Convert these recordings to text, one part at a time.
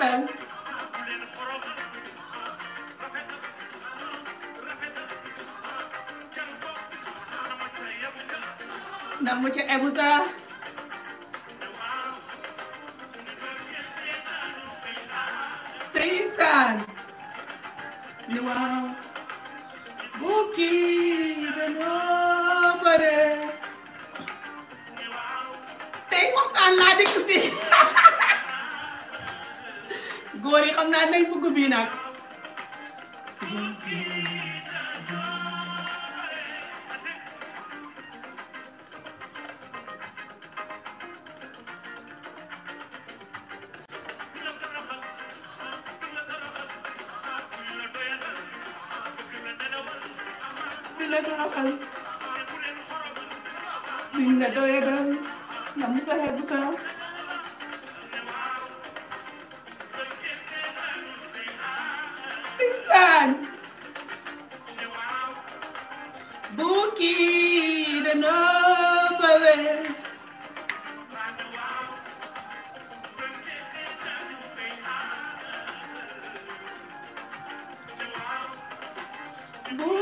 kontaan ndax mu ca ebu sa ndeysaan tey waxtaan laa dikk si góor yi xam naa nañ bëgg bii nag.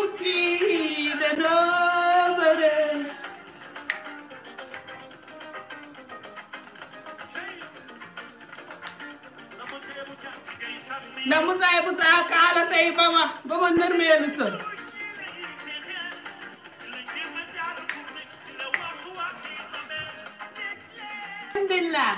looking and nobody. na musa ya busa haka ala sai bama bama narmelu sa alhamdulillah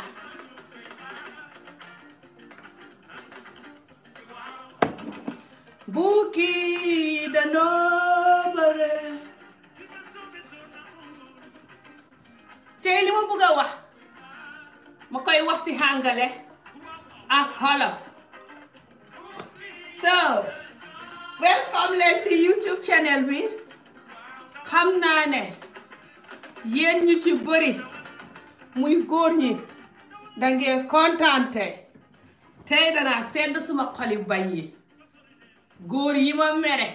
angale ah, bi xam naa ne yéen ñu ci bëri muy góor ñi da ngeen tey tey danaa sedd suma xoli bañ yi góor yi ma mere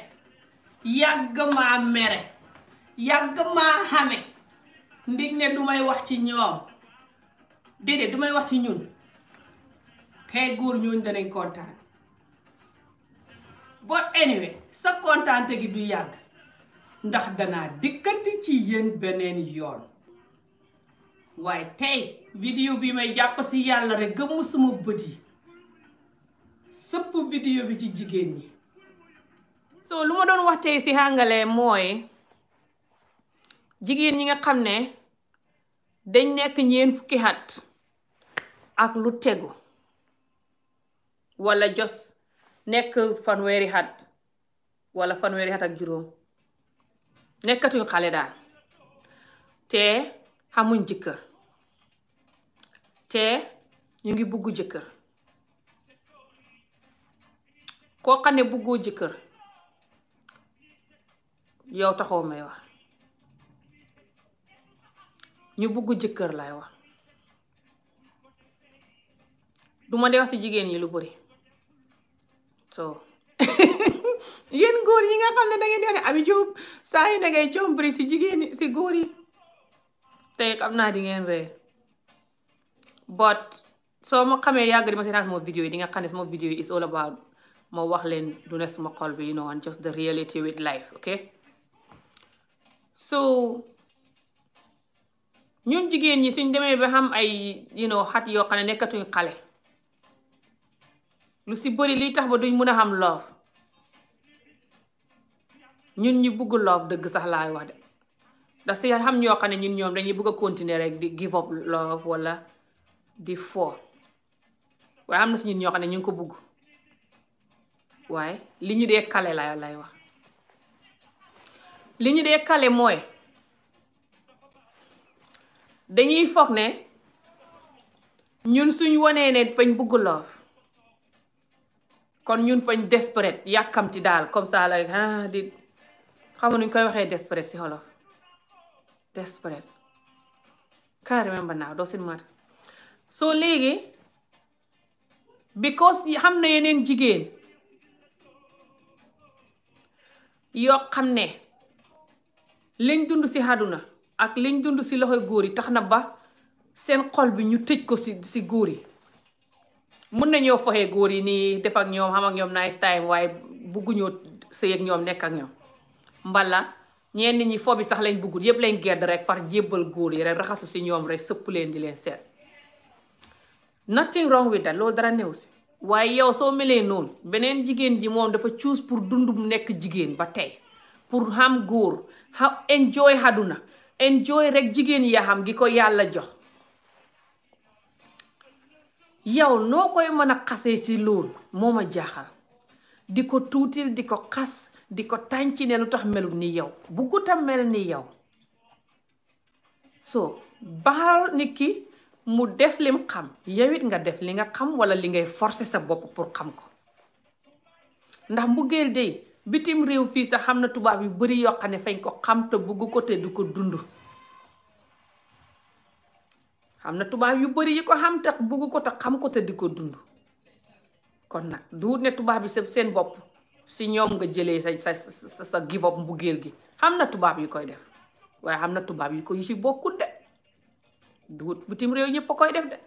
yàgg maa mere yàgg maa xame ndig ne du may wax ci ñoom déedéet du may wax ci ñun tey góor ñooñu danañ kontaan boo anyway sa kontaante gi du yàgg ndax danaa dikkati ci yéen beneen yoon waaye tey vidéo bi may jàpp si yàlla rek gëmu suma bët yi sëpp vidéo bi ci jigéen ñi soo lu ma doon wax tey si hàngale mooy jigéen ñi nga xam ne dañ nekk ñeen fukki at ak lu tegu wala jos nekk fanweeri at wala fanweeri at ak juróom nekkatuñ xale daal te xamuñ jëkkër te ñu ngi bugg jëkkër koo xam ne buggoo jëkkër yow taxaw may wax ñu bugg jëkkër laay wax duma de wax ci jigéen ñi lu bëri so yéen góor yi nga xam ne da ngeen di wax ne saa yu ne ngay coom bëri ci jigéen si ci góor yi tey xam naa di ngeen ree but soo ma xamee yàgg di ma seetaan sama vidéo yi di nga xam ne sama vidéo yi is all about ma wax leen du ne sama xol bi you know and just the reality with life ok so ñun jigéen ñi suñ demee ba xam ay you know xat yoo xam ne nekkatuñ xale lu si bëri liy tax ba duñ mun a xam love ñun ñu bugg love dëgg sax laay wax de daf si xam ñoo xam ne ñun ñoom dañuy bugg a continuer rek di give up love wala di fo waaye am na si ñun ñoo xam ne ñu ngi ko bugg waaye li ñu dee kale lay lay wax li ñu dee kale mooy dañuy foog ne ñun suñ wonee ne fañ bugg loof kon ñun fañ desperate yàkkamti daal comme ça la ah di nuñ koy waxee desperate si xolof desperate can't remember now doesn't matter so léegi because xam na yeneen jigéen yoo xam ne lañ dund si àdduna ak liñ dund si loxo góor yi tax na ba seen xol bi ñu tëj ko si si góor yi mun nañoo foxee góor yi nii def ak ñoom xam ak ñoom nice time waaye bugguñoo sëy ak ñoom nekk ak ñoom mbala ñenn ñi fo bi sax lañ buggut yëpp lañ gedd rek par jébbal góor yi rek raxasu si ñoom rek sëpp leen di leen seet nothing wrong wi that loolu dara néew si waaye yow soo melee noonu beneen jigéen ji moom dafa choose pour dund mu nekk jigéen ba tey pour xam góor enjoy haduna enjoy rek jigéen yaxam gi ko yàlla jox yow noo koy mën a xasee ci loolu moo ma jaaxal di ko tuutil di ko xas di ko tànci ne lu tax melut ni yow buggut a mel ni yow so baal nit ki mu def lim xam yow nga def li nga xam wala li ngay forcer sa bopp pour xam ko ndax mbugeel dey bitim réew fii sax xam na tubaab yu bari yoo xam ne fañ ko xam te bugg ko te du ko dund xam na tubaab yu bari yi ko xam te bugg ko te xam ko di ko dund kon nag du ne tubaab yi seen bopp si ñoom nga jëlee sa sa sa give up mbugéel gi xam na tubaab yi koy def waaye xam na tubaab yi ko yu si bokkut de du bitim réew ñëpp koy def de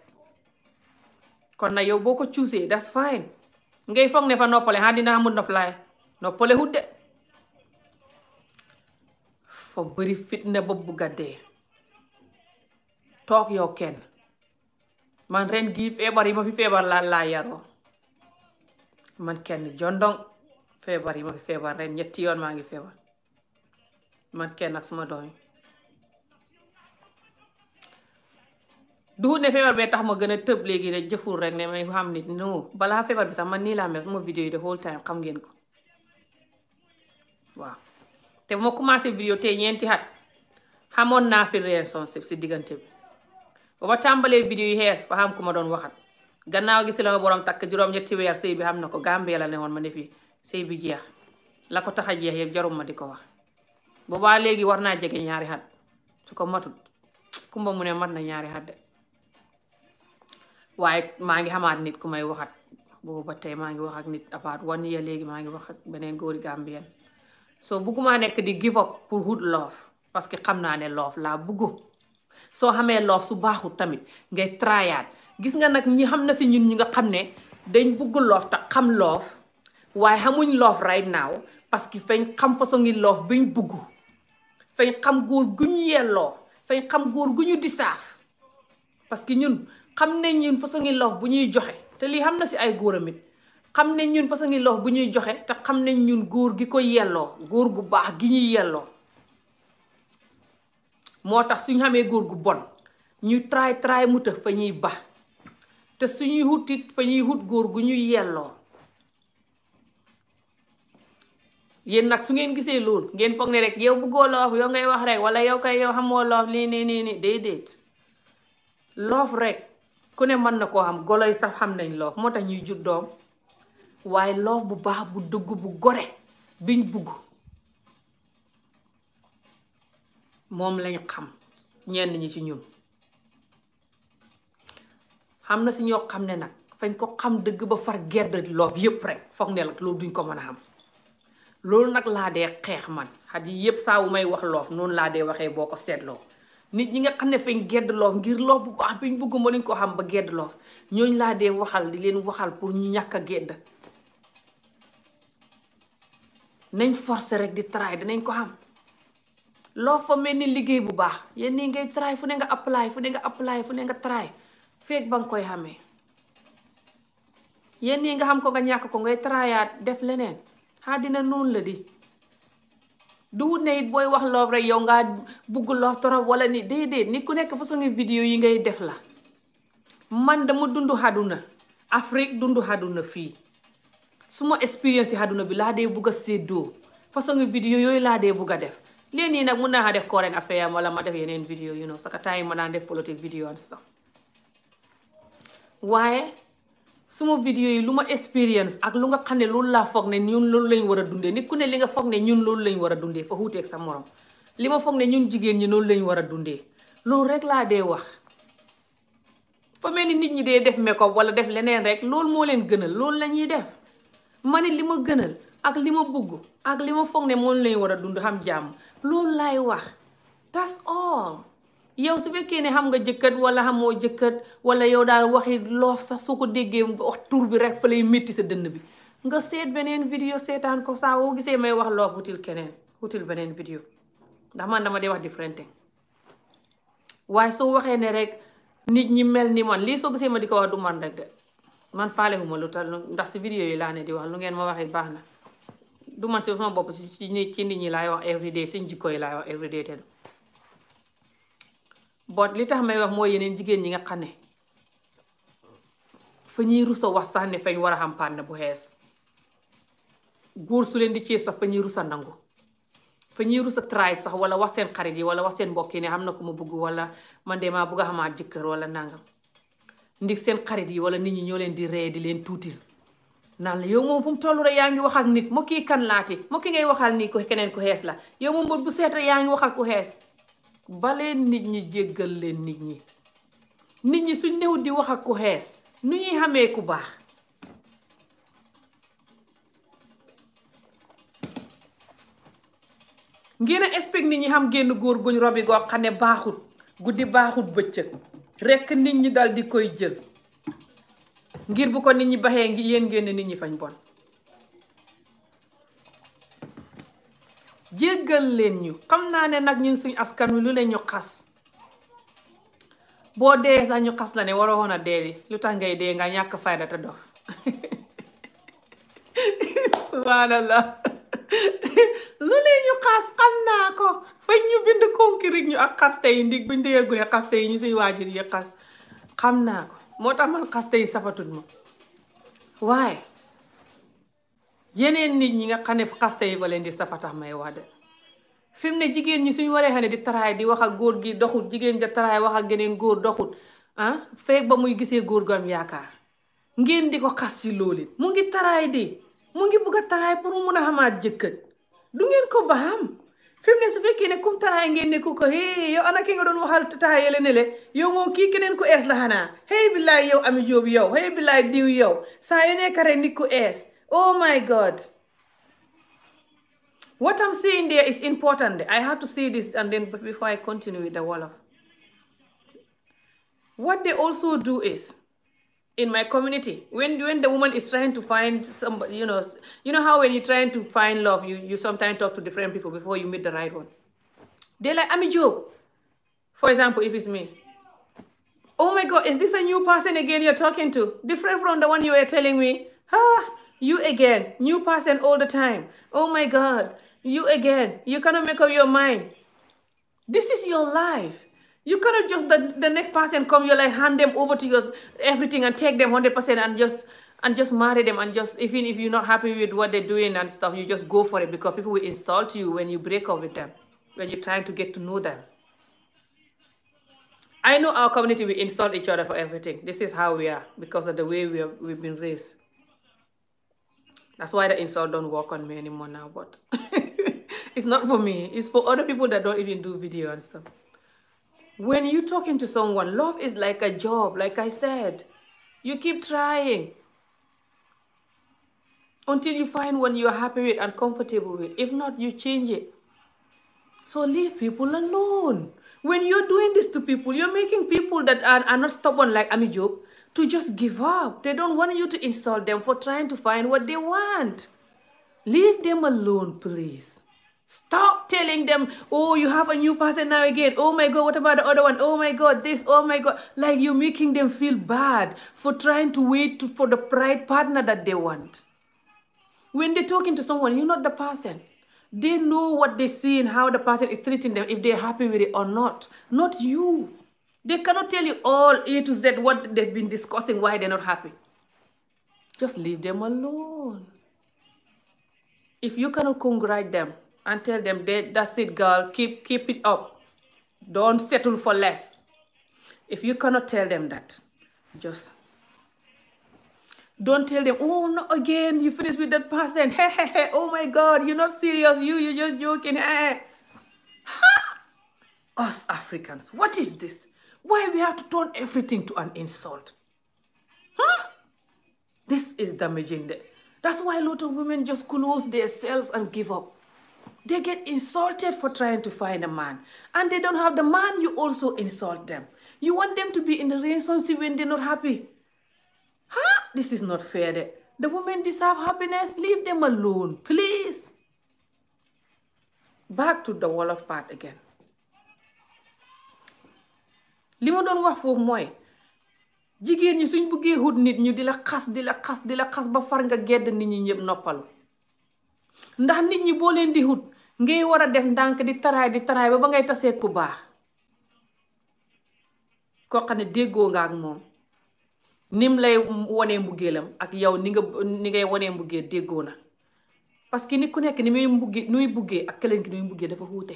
kon nag yow boo ko cuusee that's fine ngay foog ne fa noppale xa ah, dina amul noflaay noppale hut de fa bëri fitna ba bugga dee toog yow kenn man ren gii feebar yi ma fi feebar laa laa yaroo man kenn jondong feebar yi ma fi feebar ren ñetti yoon maa ngi feebar man kenn nag suma doom yi duhut ne feebar bee tax ma gën a tëb léegi de jëful rek ne may xam nit no balaa feebar bi sax man nii laa mel suma vidéo yi the whole time xam ngeen ko waaw te moo commencé vidéo tey ñeenti xat xamoon naa fi relationship si diggante bi ba ma tàmbalee vidéo yi xees fa xam ku ma doon waxat gannaaw gi si la ma borom takk juróom-ñetti weer sëy bi xam na ko Gambie la ne woon ma ne fii bi jeex la ko tax a jeex yëpp jarum ma di ko wax boobaa léegi war naa jege ñaari xat su ko matut kumba mu ne mat na ñaari at de waaye maa ngi xamaat nit ku may waxat boobu ba tey maa ngi wax ak nit abaat wan ya léegi maa ngi wax ak beneen góori Gambien soo bëgguma nekk di give up pour wut love parce que xam naa ne loof laa buggu soo xamee love su baaxul tamit ngay trayaat gis nga nag ñi xam na si ñun ñi nga xam ne dañ bëgg love te xam loof waaye xamuñ loof right now parce que fañ xam façon ngi love bi ñu bëgg fañ xam góor gu ñu yelloo fañ xam góor gu ñu disaaf parce que ñun xam nañ ñun façon ngi love bu ñuy joxe te lii xam na si ay góoramit xam ne ñun façon ngi lox bu ñuy joxe te xam ne ñun góor gi ko yelloo góor gu baax gi ñuy yelloo moo tax suñu xamee góor gu bon ñuy tray tray mu tëx fa ñuy ba te suñuy hutit fa ñuy hut góor gu ñuy yelloo yéen nag su ngeen gisee loolu ngeen foog ne rek yow bëggoo loof yow ngay wax rek wala yow kay yow xamoo loof lii nii nii nii déedéet loof rek ku ne mën na koo xam golo yi sax xam nañ loof moo tax ñuy jur doom waaye loof bu baax bu dëgg bu gore biñ bugg moom lañ xam ñenn ñi ci ñun xam na si ñoo xam ne nag fañ ko xam dëgg ba far gedd loof yépp rek foog ne nag ko mën a xam loolu nag laa dee xeex man xat yi yépp saa wu may wax loof noonu laa dee waxee boo ko nit ñi nga xam ne gedd loof ngir loof bu baax biñ bugg mënuñ xam ba gedd loof ñooñ laa dee waxal di leen waxal pour ñu ñàkk a gedd nañ forcer rek di try dinañ ko xam loo fa mel ni liggéey bu baax yéen nii ngay try fu ne nga apply fu ne nga fu ne nga try feeg ba nga koy xamee yéen nii nga xam ko nga ñàkk ko ngay tryaat def leneen xaa dina noonu la di du wut ne it booy wax loof rek yow ngaa bugg loof torop wala ni déedéet ni ku nekk façon vidéo yi ngay def la man dama dund àdduna Afrique dund àdduna fii suma expérience yi àdduna bi laa dee bugg a séddoo façon vidéo yooyu laa dee bugg a def léegi nii nag mun naa def current affaire wala ma def yeneen vidéo you know saka temps yi ma daan def politique suma vidéo yi lu ma expérience ak lu nga xam ne loolu laa foog ne ñun loolu lañ war a dundee nit ku ne li nga foog ne ñun loolu lañ war a dundee fa xuuteeg sa morom li foog ne ñun jigéen ñi loolu lañ war a dundee loolu rek laa dee wax fa ni nit ñi dee def make up wala def leneen rek loolu moo leen gënal loolu la ñuy def ma ni li ma gënal ak li ma bugg ak li ma foog ne moom lañ war a dund xam jàmm loolu laay wax tas all yow su fekkee ne xam nga jëkkat wala xamoo jëkkat wala yow daal waxi loof sax soo ko déggee wax tuur bi rek fa lay métti sa dënn bi nga seet beneen vidéo seetaan ko saa woo gisee may wax loof wutil keneen wutil beneen vidéo ndax man dama dee wax différente waaye soo waxee ne rek nit ñi mel ni man lii soo gisee ma di ko wax du man man faalewuma lu tal ndax si vidéo yi laa ne di wax lu ngeen ma waxee baax na du man si sama bopp si ci nit ñi laay wax everyday seen jikko yi laay wax everyday te boot li tax may wax mooy yeneen jigéen ñi nga xam ne fa ñuy rusa wax sax ne fañ war a xam pànn bu xees góor su leen di cee sax fa ñuy rusa nangu fa ñuy rusa try sax wala wax seen xarit yi wala wax seen mbokk yi ne xam na ko ma bëgg wala man de maa bëgg a xamaat wala nangam ndig seen xarit yi wala nit ñi ñoo leen di ree di leen tuuti naa la yow moom fu mu toll rek yaa ngi wax ak nit moo kii kan laati moo ki ngay waxal nii ko keneen ku xees la yow moom bu seet rek yaa ak ku xees ba nit ñi jéggal leen nit ñi nit ñi suñ newut di wax ak ku xees nu ñuy xamee ku baax ngeen a expect nit ñi xam génn góor guñ robi goo xam ne baaxut guddi baaxut bëccëg rekk nit ñi dal di koy jël ngir bu ko nit ñi baxee ngi yéen ngeen nit ñi fañ bon jéggal leen ñu xam naa ne nag ñun suñ askan wi lu leen ñu xas boo dee sax ñu xas la ne waroon a dee li lu tax ngay dee nga ñàkk fayda te dof subhanallah xaste yi ndig buñ dee gune xaste yi ñu suñu waajur yi xas xam naa ko moo tax man xaste yi safatut ma waaye yeneen nit ñi nga xam ne xaste yi fa leen di safatax may wax de fi ne jigéen ñi suñ waree xam ne di taraay di wax ak góor gi doxut jigéen ja taraay wax ak geneen góor doxut ah ba muy gisee góor gu yaakaar ngeen di ko xas si loolu mu ngi taraay de mu ngi bugg taraay pour mu mun a xamaat jëkkër du ngeen ko baam fi mu ne su fekkee ne comme taxaay ngeen ne ko ko yow ana nga doon waxal taxaayale ne le yow moom kii keneen ku ees la xanaa hey billaay yow Ami Joob yow hey billaay diw yow saa yu nekk rek nit ku ees oh my god what I'm saying there is important I have to say this and then before I continue the Wolof what they also do is in my community when when the woman is trying to find somebody you know how when you're trying to find love you sometimes talk to different people before you meet the right one they're like Amie Jobe for example if it's me oh my god is this a new person again you're talking to different from the one you telling me ah you again new person all the time oh my god you cannot make up your mind this is your life You cannot just the, next person come, you like hand them over to your everything and take them 100% and and just marry them and just even if you're not happy with what they're doing and stuff, you just go for it because people will insult you when you break up with them, when you're trying to get to know them. I know our community, we insult each other for everything. This is how we are because of the way we have, been raised. That's why the when you're talking to someone, love is like a job, like I said. You keep trying until you find one you're happy with and comfortable with. If not, you change it. So leave people alone. When you're doing this to people, you're making people that are, not stubborn like Ami Job to just give up. They don't want you to insult them for trying to find what they want. Leave them alone, please. Stop telling them, oh, you have a new person now again. Oh my God, what about the other one? Oh my God, this, oh my God. Like you're making them feel bad for trying to wait for the right partner that they want. When they're talking to someone, you're not the person. They know what they see and how the person is treating them, if they're happy with it or not. Not you. They cannot tell you all A to Z what they've them alone. If you cannot congratulate them, and tell them that it girl keep it up don't settle for less if you cannot tell them that don't tell them oh no again you finish with that person hey, hey, oh my god you're not serious you just joking hey. us Africans what is this why we have to turn everything to an insult this is damaging that's why lot of women just close their cells and give up They get insulted for trying to find a man. And they don't have the man, you also insult them. You want them to be in the relationship when they're not happy. Huh? This is not fair. The women deserve happiness. Leave them alone, please. Back to the wall of part again. li ma doon wax foofu mooy jigéen ñi suñ buggee hut nit ñu di la xas di la xas ba far nga gedd nit ñi ñëpp noppalu ndax nit ñi boo leen di wut ngay war a def ndànk di taraay di taraay ba ba ngay tasee ku baax koo xam ne déggoo nga ak moom nim lay wonee mbuggeelam ak yow ni nga ni ngay wonee mbuggee déggoo na parce que nit ku nekk ni muy mbugge ni buggee ak keneen ki ni muy buggee dafa wuute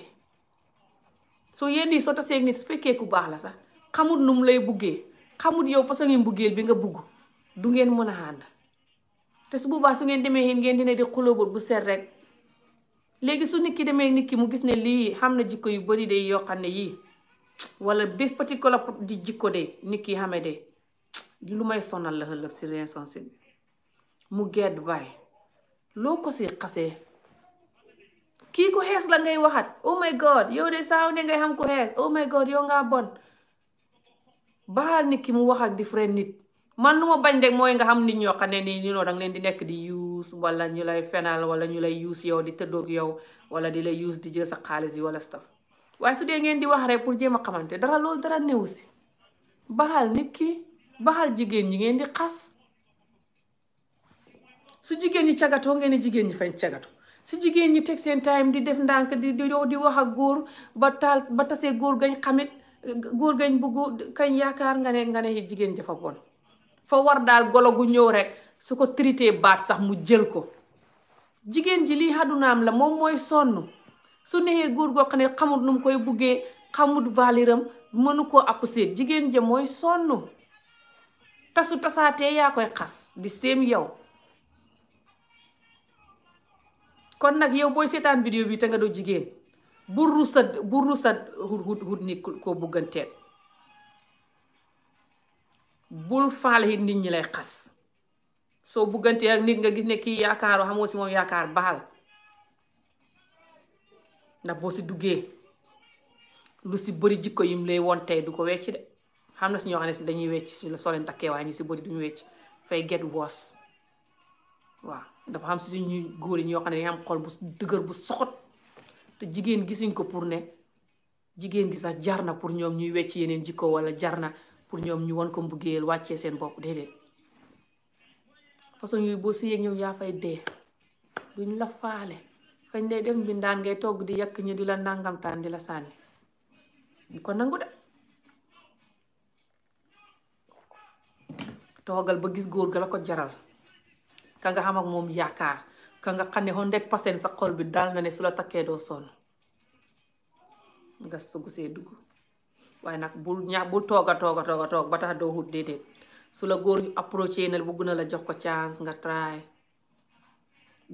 soo yéen nii soo tasee nit su fekkee ku baax la sax xamut nu mu lay buggee xamut yow façon mbuggeel bi nga bugg du ngeen mën a ànd te su boobaa su ngeen demee ngeen dina di xulóobul bu set rek léegi su nit ki demee nit ki mu gis ne lii xam na jikko yu bari de yoo xam ne yii walla bés particulier di jikko de nit ki xame lu may sonal la ëllëg si réinsoncé si mu gedd baay loo ko si xasee kii ku xees la ngay waxat oh my god yow de saaw ne ngay xam ku xees oh my god yow ngaa bon baal nit ki mu wax ak different nit man lu ma bañ de mooy nga xam ni ñoo xam ne nii ñu noo danga leen di nekk di use wala ñu lay fenal wala ñu lay use yow di tëddoog yow wala di lay use di jël sa xaalis yi wala staf waaye su dee ngeen di wax rek pour jéem a xamante dara loolu dara néew si baxal nit ki baxal jigéen ñi ngeen di xas su jigéen ñi cagatoo ngeen jigéen ñi fañ cagato su jigéen ñi teg seen time di def ndànk di di wax ak góor ba taal ba tasee góor gañ xamit góor gañ bugg kañ yaakaar nga ne nga ne jigéen jafa bon fa war daal golo gu ñëw rek su ko traité baat sax mu jël ko jigéen ji lii àddunaam la moom mooy sonn su neexee góor goo xam ne xamut nu mu koy buggee xamut valiram mënu koo apprécier jigéen ja mooy sonn tasu tasaatee yaa koy xas di séem yow kon nag yow booy seetaan vidéo bi te nga doo jigéen bu rusa bu rusa hut hut hut nit ko bugganteel bul faale it nit ñi lay xas soo buggantee ak nit nga gis ne kii yaakaaroo xamoo si moom yaakaar baal ndax boo si duggee lu si bari jikko yim lay woon tey du ko wecc de xam na si ñoo xam ne si dañuy wecc si la leen takkee waaye ñu si bëri duñu wecc fay get woos waaw dafa xam si suñ góor yi ñoo xam ne dañu am xol bu dëgër bu soxot te jigéen gisuñ ko pour ne jigéen gi sax jar na pour ñoom ñuy wecc yeneen jikko wala jar na pour ñoom ñu won ko mbëggeel wàccee seen bopp déedéet façon yooyu boo sëyeeg ñoom yaa fay dee duñ la faale fañ lay def mbindaan ngay togg di yàq ñu di la nangamtaan di la sànni bu ko nangu de toogal ba gis góor ga la ko jaral ka nga xam ak moom yaakaar ka nga xam ne hundred percent sa xol bi daal na ne su la takkee doo sonn nga sugu see dugg waaye nag bul ña bul toog a toog a toog a toog ba tax doo xut déedéet su la góor ñu approché na bëgg na la jox ko chance nga try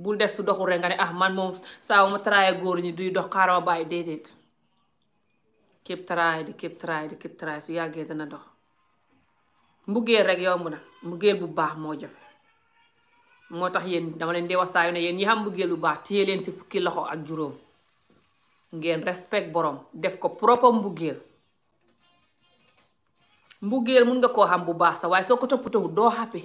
bul def su doxul rek nga ne ah man moom saa ma try góor ñi duy dox xaaral ma bàyyi déedéet keep try di keep try di keep try su yàggee dana dox mbugeel rek yomb na mbugeel bu baax moo jafe moo tax yéen dama leen dee wax saa yu ne yéen ñi xam mbugeel bu baax téye leen si fukki loxo ak juróom ngeen respect borom def ko propre mbugeel mbugeel mun nga koo xam bu baax sax waaye soo ko toppatawut doo xàppe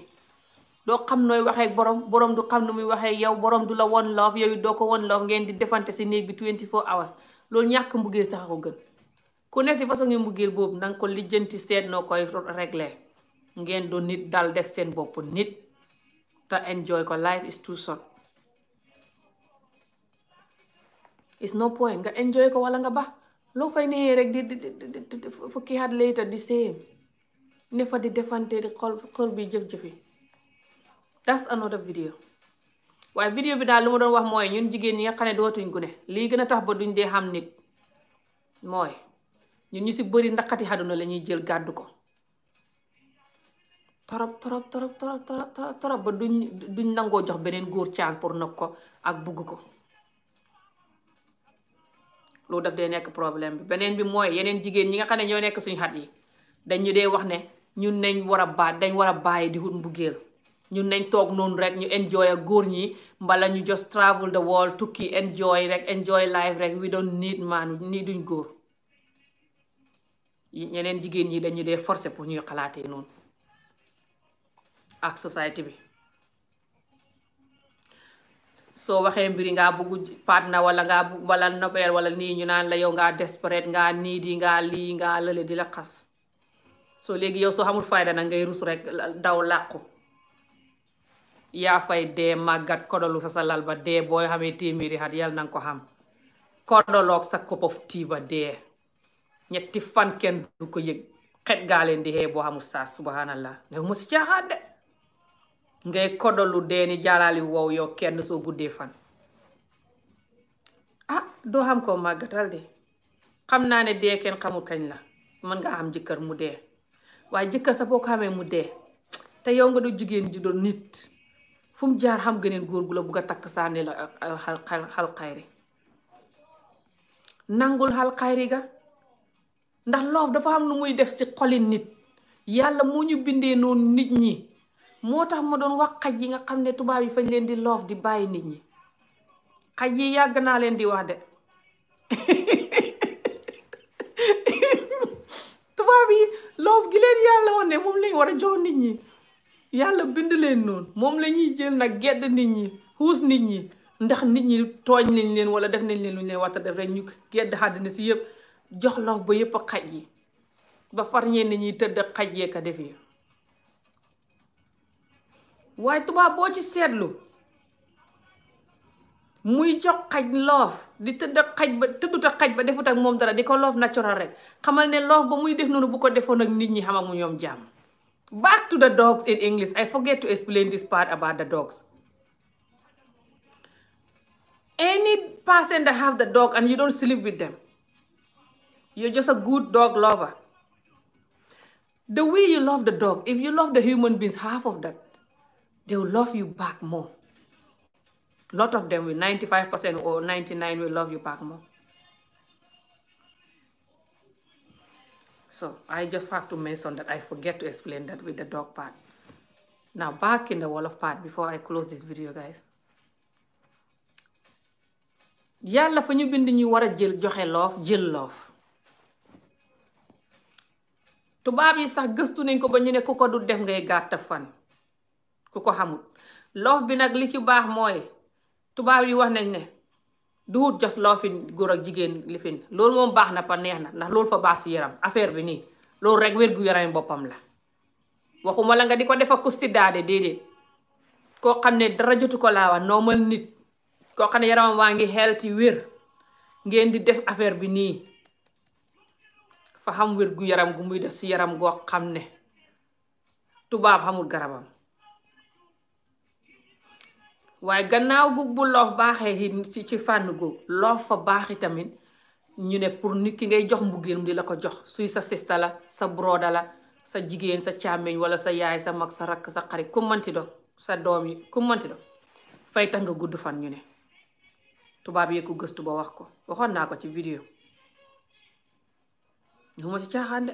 doo xam nooy waxee borom boroom du xam nu muy waxee yow boroom du la won love yow doo ko one love ngeen di defante si néeg bi 24 hours loolu ñàkk mbugeel sax ko gën ku ne si façon ngi mbugeel boobu nga lijjanti seet noo koy régler doon nit dal def seen bopp nit enjoy ko life is too is no point nga ko wala nga ba loo fay nee rek di di di fukki at later di same ne fa di defante di xol bi jëf-jëfi anoo another video waaye vidéo bi daal lu ma doon wax mooy ñun jigéen ñi nga xam ne dootuñ gune lii gën a tax ba duñ dee xam nit mooy ñun ñu si bëri ndaxati àdduna la ñuy jël gàddu ko torop torop torop torop torop duñ duñ nangoo jox beneen góor chance pour nag ko ak bugg ko loolu daf dee nekk problème bi beneen bi mooy yeneen jigéen ñi nga xam ne ñoo nekk suñ xat yi dañ ñu dee wax ne ñun nañ war a dañ war a bàyyi di wut mbugéel ñun nañ toog noonu rek ñu enjoy a góor ñi mbala ñu just travel the world tukki enjoy rek enjoy life rek wi doon need man ni duñ góor ñeneen jigéen ñi dañu dee forcé pour ñuy xalaatee noonu ak société bi soo waxee mbiri ngaa bëgg na walla ngaa wala noppeel wala nii ñu naan la yow ngaa desperate ngaa niidi ngaa lii ngaa lële di la xas soo léegi yow soo xamul fayda nag ngay rus rek daw làqu yaa fay dee màggat kodolu sa sa lal ba dee booy xamee téeméeri xat yàlla nanga ko xam kodoloog sa kopof tiiba dee ñetti fan kenn du ko yëg xet gaa leen di xee boo xamul saa subhanallah ne mu si caaxaan de ngay kodolu dee ni jaalaali wow yow kenn soo guddee fan ah doo xam ko màggatal de xam naa ne dee kenn xamul kañ la mën nga am jëkkër mu dee waaye jëkkër sa boo ko xamee mu dee te yow nga doon jigéen ji doon nit fu jaar xam geneen góor gu la bugg a takk sànni la xal xayri nangul xal xayri ga ndax loof dafa am lu muy def si xoli nit yàlla moo ñu bindee noonu nit ñi moo tax ma doon wax xaj yi nga xam ne tubaab yi fañ leen di loof di bàyyi nit ñi xaj yi yàgg naa leen di wax de tubaab yi loof gi leen yàlla woon ne moom lañ war a jox nit ñi yàlla bind leen noonu moom la ñuy jël nag gedd nit ñi xuus nit ñi ndax nit ñi tooñ nañ leen wala def nañ leen lu ñu leen war a def rek ñu gedd àddina si yëpp jox loof ba yépp a xaj yi ba far ñeen nit ñi tëdd xaj yee ka defee waaye tubaab boo ci seetlu muy jox xaj loof di tëdd xaj ba tëddut ak xaj ba defut ak moom dara di ko loof natural rek xamal ne loof ba muy def noonu bu ko defoon ak nit ñi xam ak mu ñoom jàmm. back to the dogs in English I forget to explain this part about the dogs. any person that have the dog and you don't sleep with them you're just a good dog lover the way you love the dog if you love the human beings half of that they will love you back more lot of them will 95% or 99 will love you back more. So I just have to mention that I forget to explain that with the dog part. Now back in the wall part before I close this video guys. yàlla fa ñu bind ñu war a jël joxe loof jël loof tubaab yi sax gëstu nañ ko ba ñu ne ku ko du def ngay gàtt fan ku ko xamul loof bi nag li ci baax mooy tubaab yi wax nañ ne du duhut jos loofin góor ak jigéen lifin loolu moom baax na pa neex na ndax loolu fa baax si yaram affaire bi nii loolu rek wér gu yaram boppam la waxuma la nga di ko def ak siddaade déedéet koo xam ne dara jotu ko laa wax normal nit koo xam ne yaramam waa ngi healthy wér ngeen di def affaire bi nii fa xam wér gu yaram gu muy def si yaram goo xam ne tubaab xamul garabam waaye gannaaw gu bu loof baaxee ci ci fànn googu loof fa baax tamit ñu ne pour nit ki ngay jox mbugéel di la ko jox suy sa sista la sa broda la sa jigéen sa càmmiñ wala sa yaay sa mag sa rakk sa xarit ku mënti do sa doom yi ku mënti do fay tax nga gudd fan ñu ne tubaab yee ko gëstu ba wax ko waxoon naa ko ci vidéo du ma ci caaxaan de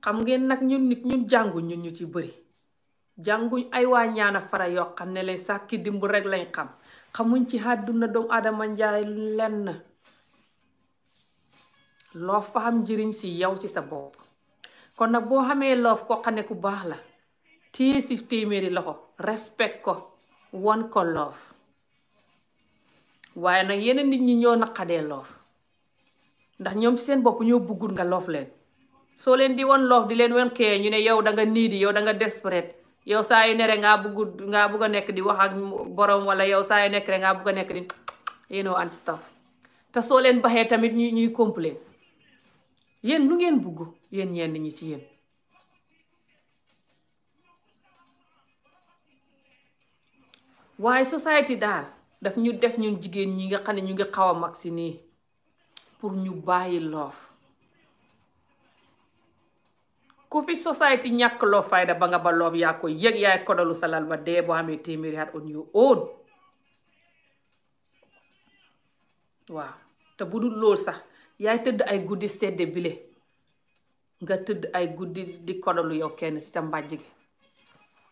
xam ngeen nag ñun nit ñun jàngu ñun ñu ci bëri jànguñ ay waa ñaana fara yoo xam ne leen sàkki dimb rek lañ xam xamuñ ci àdduna doomu adama njaay lenn loof fa am njëriñ si yow ci sa bopp kon nag boo xamee loof ko xam ne ku baax la téye si téeméeri loxo respect ko won ko loof waaye nag yeneen nit ñi ñoo naqadee loof ndax ñoom ci seen bopp ñoo bëggul nga loof leen soo leen di won loof di leen wen kee ñu ne yow danga nga niidi yow da nga desperate yow saa yu nere ngaa bugg ngaa bugg a nekk di wax ak boroom wala yow saa yu nekk rek ngaa bugg a nekk di you te soo leen baxee tamit ñuy ñuy complain yéen lu ngeen bugg yéen ñenn ñi ci yéen. waaye society daal daf ñu def ñu jigéen ñi nga xam ne ñu ngi xaw a mag si nii pour ñu bàyyi loof. ku fi society ñàkk loo fayda ba nga ba loob yaa ko yëg yaay kodalu sa lal ba dee boo xamee téeméeri at on your own waaw te bu dul lool sax yaay tëdd ay guddi sedde bile nga tëdd ay guddi di kodalu yow kenn si sa mbàjj gi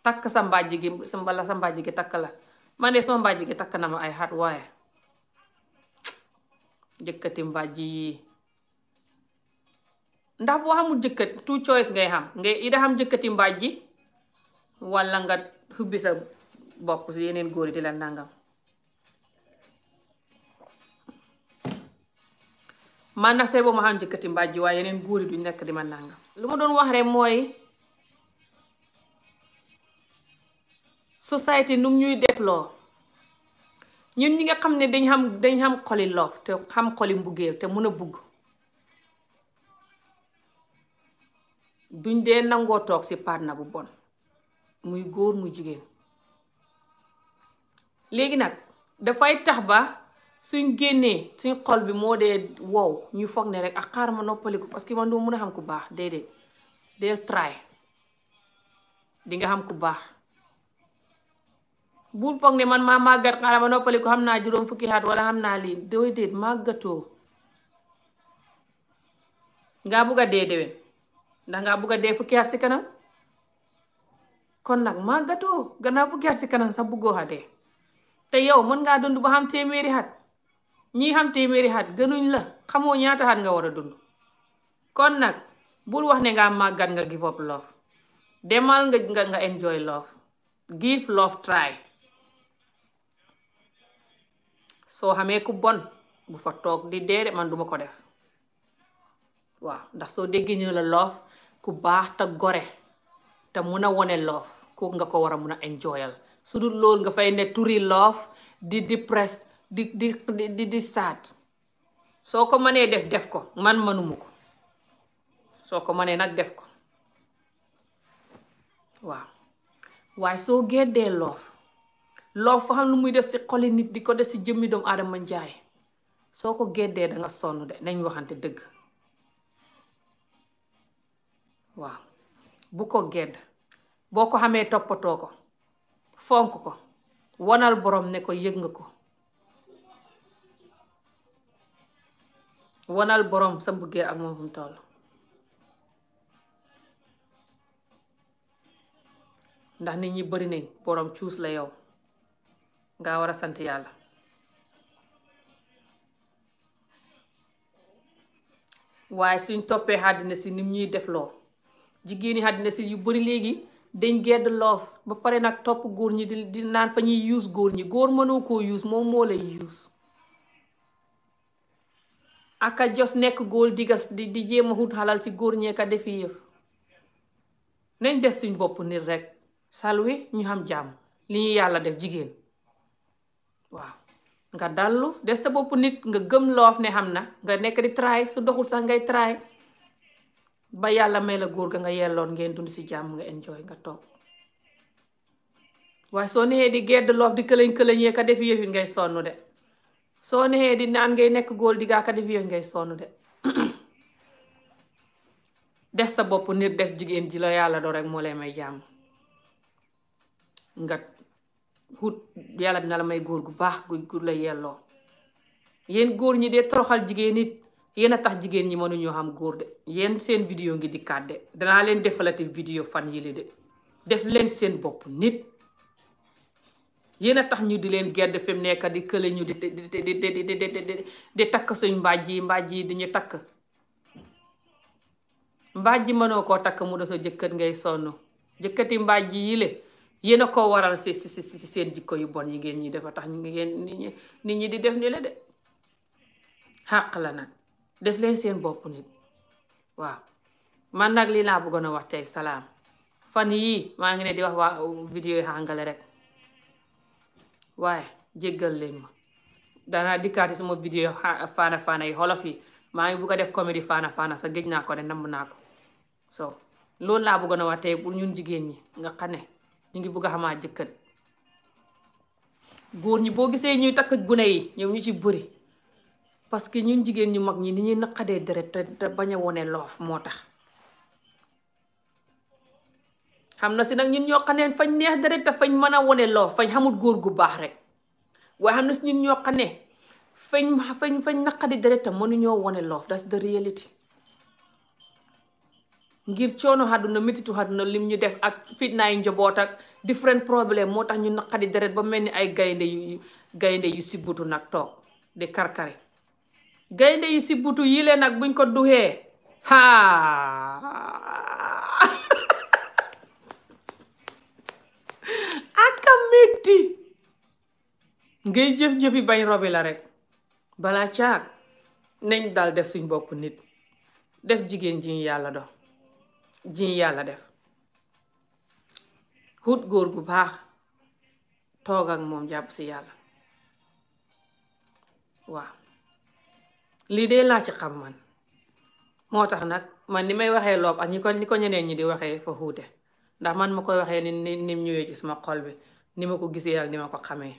takk sa mbàjj gi mbala sa mbàjj gi takk la man de sama mbàjj gi takk na ma ay xat waaye jëkkati mbàjj ndax boo xamul jëkkat tout choice ngay xam ngay i da xam jëkkati mbaaj ji walla nga xubbi sa bopp si yeneen góor yi di la nangam man nag say ma xam jëkkati mbaaj góor yi duñ nekk di ma nangam lu ma doon wax rek mooy société num ñuy def loo ñun ñi nga xam ne dañ xam dañ xam xoli loof te xam xoli mbugeel te mën a bugg duñ dee nangoo toog si na bu bon muy góor mu jigéen léegi nag dafay tax ba suñ génnee suñ xol bi moo dee wow ñu foog ne rek ak ah, xaar ma noppaliku parce que man doo mun a xam ku baax déedéet dee try di nga xam ku baax bul foog ne man maa màggat xaaral ma noppaliku xam naa juróom fukki at wala xam naa lii déedéet màggatoo ngaa bugg a dee déwén ndax ngaa bugg a dee fukki at si kanam kon nag màggatoo gannaaw fukki at si kanam sax buggoo a te yow mën ngaa dund ba xam téeméeri at ñii xam téeméeri at gënuñ la xamoo ñaata xat nga war a dund kon nag bul wax ne ngaa màggat nga give up demal nga nga nga enjoy loof give love try soo xamee ku bon bu fa toog di dee man duma ko def waaw ndax soo déggee ñu la love ku baax te gore te mun a wone loof kooku nga ko war a mun a enjoyal su dul lool nga fay ne turi loof di depress di di di di saat soo ko mënee def def ko man mënuma ko soo ko mënee nag def ko waaw waaye soo géddee loof loof fa xam lu muy def si xoli nit di ko def si jëmmi doomu aadama njaay soo ko géddee danga sonn de nañ waxante dëgg waaw bu ko gedd boo ko xamee toppatoo ko fonk ko wonal borom ne ko yëg nga ko wonal borom sa mbëggee ak moom fu ndax nit ñi bari nañ borom cuus la yow nga war a sant yàlla waaye suñ toppee àddina si nim ñuy defloo jigéen ñi àddina si yu bëri léegi dañ gedd loof ba pare nag topp góor ñi di di naan fa ñuy use góor ñi góor mënoo koo use moom moo lay use aka jos nekk góor digas di di jéem a xut xalal ci góor ñee ka defi yëf nañ def suñ bopp nit rek salwi ñu xam jàmm li ñu yàlla def jigéen waaw nga dallu des sa bopp nit nga gëm loof ne xam na nga nekk di try su doxul sax ngay try ba yàlla may la góor ga nga yelloon ngeen dund si jàmm nga enjoy nga toog waaye soo neexee di gedd loof di këlëñ këlëñ ka def yëf ngay sonn de soo neexee di naan ngay nekk góor di gaa ka def yëf ngay sonn de def sa bopp nit def jigéen ji la yàlla doo rek moo lay may jàmm nga xut yàlla dina la may góor gu baax gu gu la yelloo yéen góor ñi dee toroxal jigéen nit yéen a tax jigéen ñi mënuñoo xam góor de yéen seen vidéo ngi dikkaat de danaa leen defalati vidéo fan yii de def leen seen bopp nit yéen a tax ñu di leen gedd fi mu di kële ñu di di takk suñ mbaaj yi mbaaj yi diñu takk mbaaj ji mënoo koo takk mu da sa jëkkët ngay sonn jëkkëti mbaaj yi yile yéen a ko waral si si si seen jikko yu bon yi ngeen ñi dafa tax ngeen nit ñi di def ni la de xàq la nag def leen seen bopp nit waaw man nag lii laa bëggoon a wax tey salaam fan yii maa ngi ne di wax waa vidéo yi àngale rek waaye jéggal leen ma danaa dikkaati suma vidéo faana faana yi xolof yi maa ngi bugg def comédie faana fana sa géej naa ko ne namm naa ko so loolu laa bëggoon a wax tey pour ñun jigéen ñi nga xane ne ñu ngi bugg a xamaa jëkkër góor ñi boo gisee ñuy takk gune yi ñoom ñu ci bëri parce que ñu jigéen ñu mag ñi ni ñuy naqadee deret te bañ a wone loof moo tax xam na si nag ñun ñoo xam ne fañ neex deret te fañ mën a wone loof fañ xamul góor gu baax rek waaye na si ñun ñoo xam fañ naqadi deret mënuñoo wone loof that's the reality ngir coono àdduna metitu àdduna lim ñu def ak fitnaay njaboot ak different problème moo tax ñu naqadi deret ba mel ni ay gaynde yu gaynde yu sibbutu nag toog di karkari gaynde yi si butu yile nag buñ ko duxee haa aka metti ngay jëf-jëfi bañ robi la rek balaa caag nañ dal def siñ bopp nit def jigéen jiñ yàlla dox jiñ yàlla def xut góor gu baax toog ak moom jàpp si yàlla waaw lii de laa ci xam man moo tax nag man ni may waxee loob ak ñi ko ni ko ñeneen ñi di waxee fa xuute ndax man ma koy waxee ni ni nim ñëwee ci sama xol bi ni ma ko gisee ak ni ma ko xamee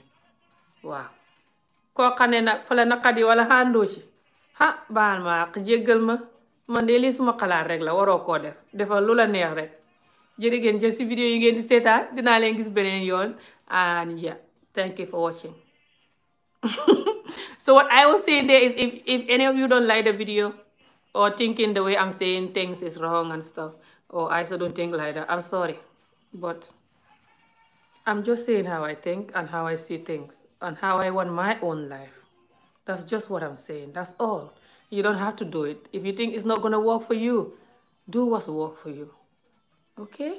waaw koo xam ne nag fa la naqat yi wala xàndoo ci ah baal ma ak ma man de lii suma xalaat rek la waroo koo def defal lu la neex rek jërë ngeen jëf si vidéo yi ngeen di seetaan dinaa leen gis beneen yoon and yeah thank you watching so what I was saying there is if, any of you don't the video or thinking the way I'm saying things is wrong and stuff, or I also think like that, think and how I see things and how I want my own life. That's just what I'm saying. That's all. You don't have to do it. If you think it's not going to work for you, do what's work for you. Okay?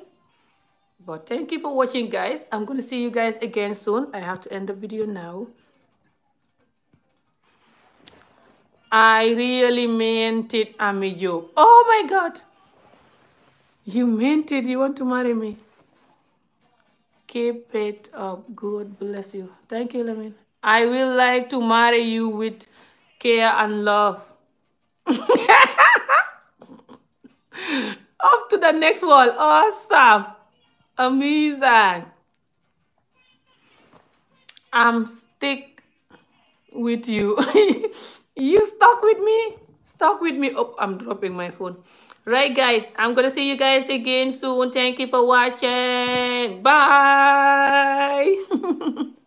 But thank you for watching, guys. I'm going to see you guys again soon. I have to end the video now. I really meant it, Ami Jobe. Oh my God. You meant it. You want to marry me? Keep it up. God bless you. Thank you, Lamine. I will like to marry you with care and love. Up to the next wall. Awesome. Amazing. I'm stick with you. you stuck with me stuck with me oh i'm dropping my phone right guys i'm gonna see you guys again soon thank you for watching bye